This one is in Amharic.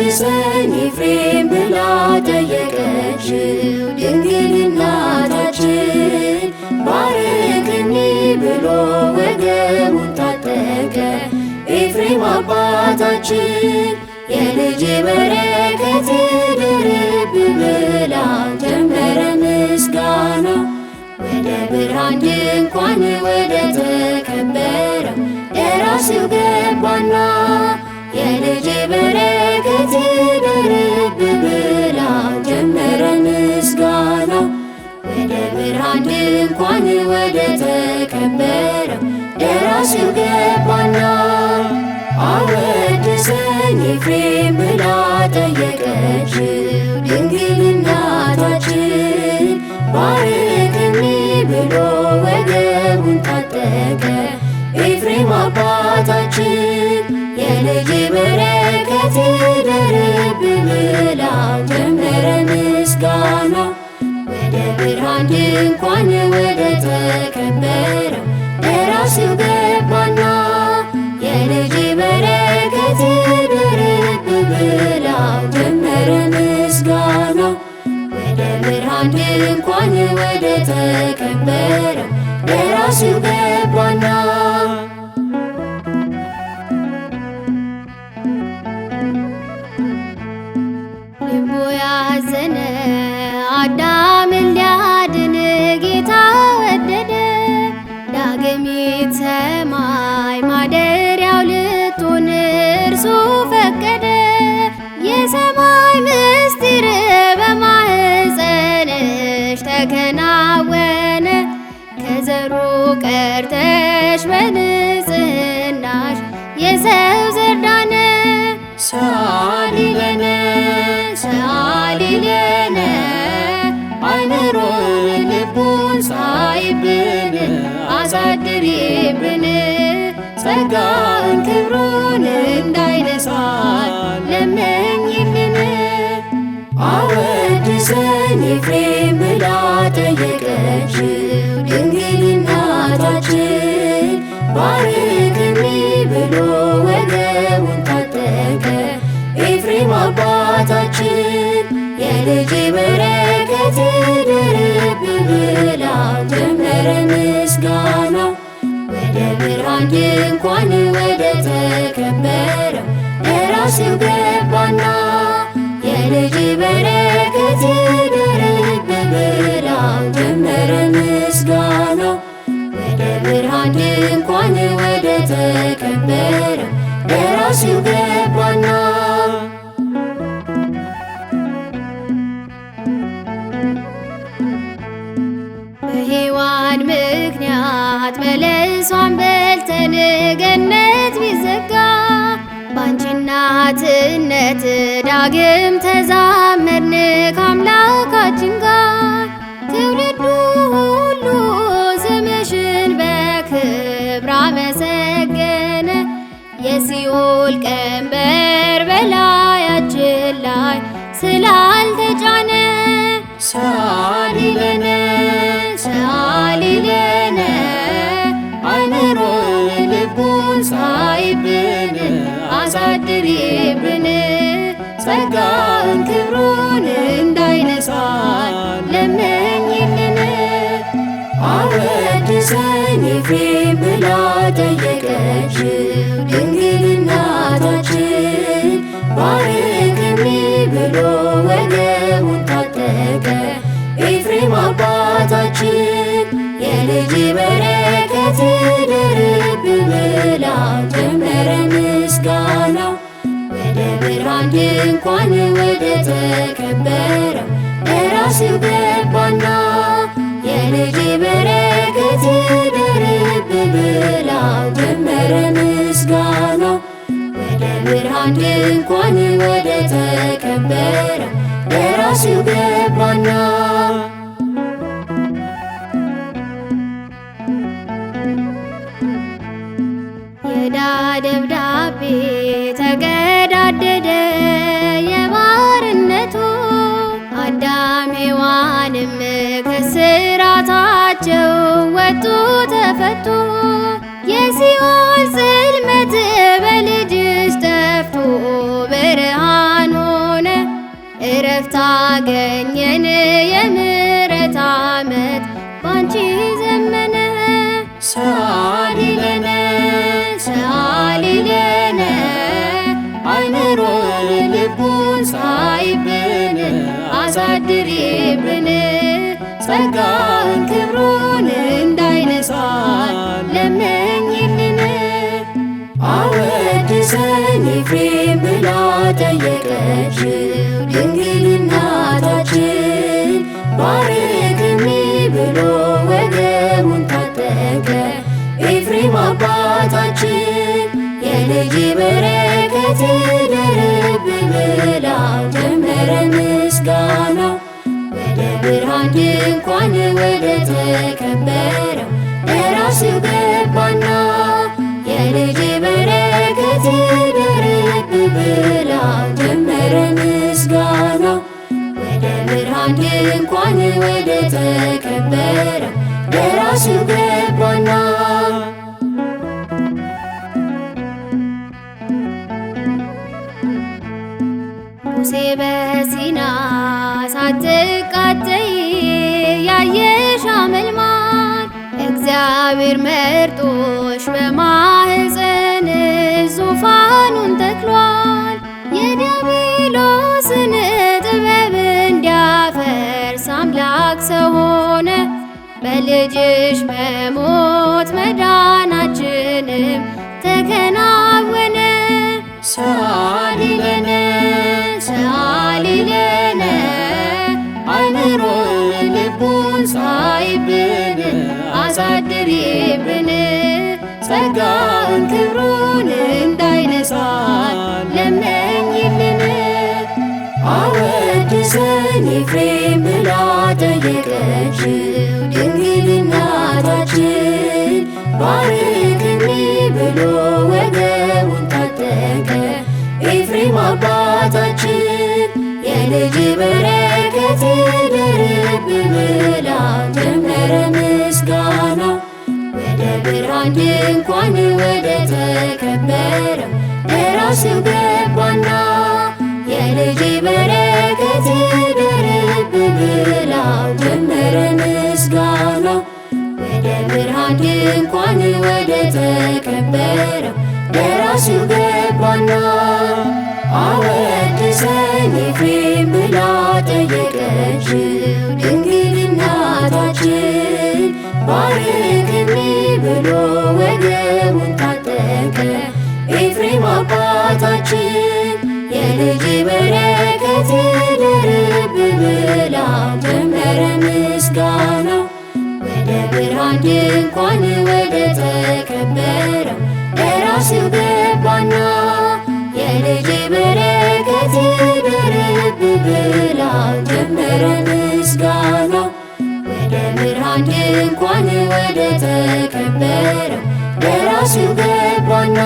አድሰን ኤፍሬም ብላ ጠየቀችው ድንግል እናታችን። ባርክኒ ብሎ ወገቡን ታጠቀ ኤፍሬም አባታችን። የልጅ በረከት ድርብ ብላ ጀመረ ምስጋና ወደ ብርሃን ድንኳን ወደ ተከበረው ደራሲው ገባና የልጅ በረከት ደርብ ብላ ጀመረ ምስጋና ወደ ብርሃን ድንኳን ወደ ተከበረው ደራሲው ገባና አወድሰኝ ኤፍሬም ብላ ጠየቀችው ድንግል እናታችን ባርክኒ ብሎ ወገቡን ታጠቀ ኤፍሬም አባታችን የልጅ በረከት ደርብ ብላ ጀመረ ምስጋና ወደ ብርሃን ድንኳን ወደ ተከበረው ለራስው ገባና የልጅ በረከት ደርብ ብላ ጀመረ ምስጋና ወደ ብርሃን ድንኳን ወደ ተከበረ በቤት ሰማይ ማደሪያው ልትሆን እርሱ ፈቀደ። የሰማይ ምስጢር በማህፀንሽ ተከናወነ። ከዘሩ ቀርተሽ በንጽህናሽ ያሳድርብን ጸጋን ክብሩን እንዳይነሳ ለመኝልን። አወድሰን ኤፍሬም ብላ ጠየቀችው ድንግል እናታችን። ባርክኒ ብሎ ወገቡን ታጠቀ ኤፍሬም አባታችን ልጅ በረከት ድርብ ብላ ጀመረ ምስጋና ወደ ብርሃን ድንኳን ወደ ተከበረ ለራስው ገባና የልጅ በረከት በሔዋን ምክንያት በለሷን በልተን ገነት ቢዘጋ ባንቺ እናትነት ዳግም ተዛመድን ከአምላካችን ጋር ትውልዱ ሁሉ ስምሽን በክብር አመሰገነ። የሲኦል ቀንበር በላያችን ላይ ስላልተጫነ ሳሊለነ አንሳይብን አሳድሪብን ጸጋን ክብሩን እንዳይነሳ ለምኝልን። አወድሰን ኤፍሬም ብላ ጠየቀች። ብርሃን ድንኳን ወደ ተከበረ ለራሱ ገባና የልጅ በረከት ደርብ ብላ ጀመረ ምስጋና ወደ ብርሃን ድንኳን ወደ ተከበረው ለራሱ ገባና ቅዱሳንም ከስራታቸው ወጡ ተፈቱ። የሲኦል ጽልመት በልጅሽ ጠፍቶ ብርሃን ሆነ። እረፍት አገኘን የምረታ ይፈሳል ለምኝልን አወድሰን ኤፍሬም ብላ ጠየቀች ድንግል እናታችን ባርክኒ ብሎ ወገቡን ታጠቀ ኤፍሬም አባታችን የልጅ በረከት ይደርብን ብላ ጀመረ ምስጋና ወደ ብርሃን ድንኳን ወደ ተከበረው በራሱ ገባና የልጅ በረከት ደርብ ብላ ጀመረ ምስጋና ወደ ብርሃን ድንኳን ወደ ተከበረ በራሱ ገባና ሙሴ በሲና ሳትቃጠይ ያየ እግዚአብሔር መርጦሽ በማህፀንሽ ዙፋኑን ተክሏል። የዲያብሎስን ጥበብ እንዲያፈርስ አምላክ ሰው ሆነ። በልጅሽ መሞት መዳናችንም ተከናወነ። ሰአሊ ለነ ሰአሊ አይምሮን ልቡን ሳይብን አሳድር ይብልን ጸጋን ክብሩን እንዳይነሳ ለመኝልን። አወድሰን ኤፍሬም ብላ ጠየቀችው ድንግል እናታችን። ባርክኒ ብሎ ወገቡን ታጠቀ ኤፍሬም አባታችን የልጅ በረ ትደርብ ብላ ጀመረ ምስጋና ወደ ብርሃን ድንኳን ወደ ተከበረ ለራስው ገባና የልጅ በረከት ትደርብ ብላ ጀመረ ምስጋና ወደ ብርሃን ድንኳን ወደ ተከበረ አባታችን የልጅ በረከት ድርብ ብላ ጀመረ ምስጋና ወደ ብርሃን ድንኳን ወደ ተከበረው ለራስህ ገባና የልጅ በረከት ድርብ ብላ ጀመረ ምስጋና ወደ ብርሃን ድንኳን ወደ ተከበረው ለራስህ ገባና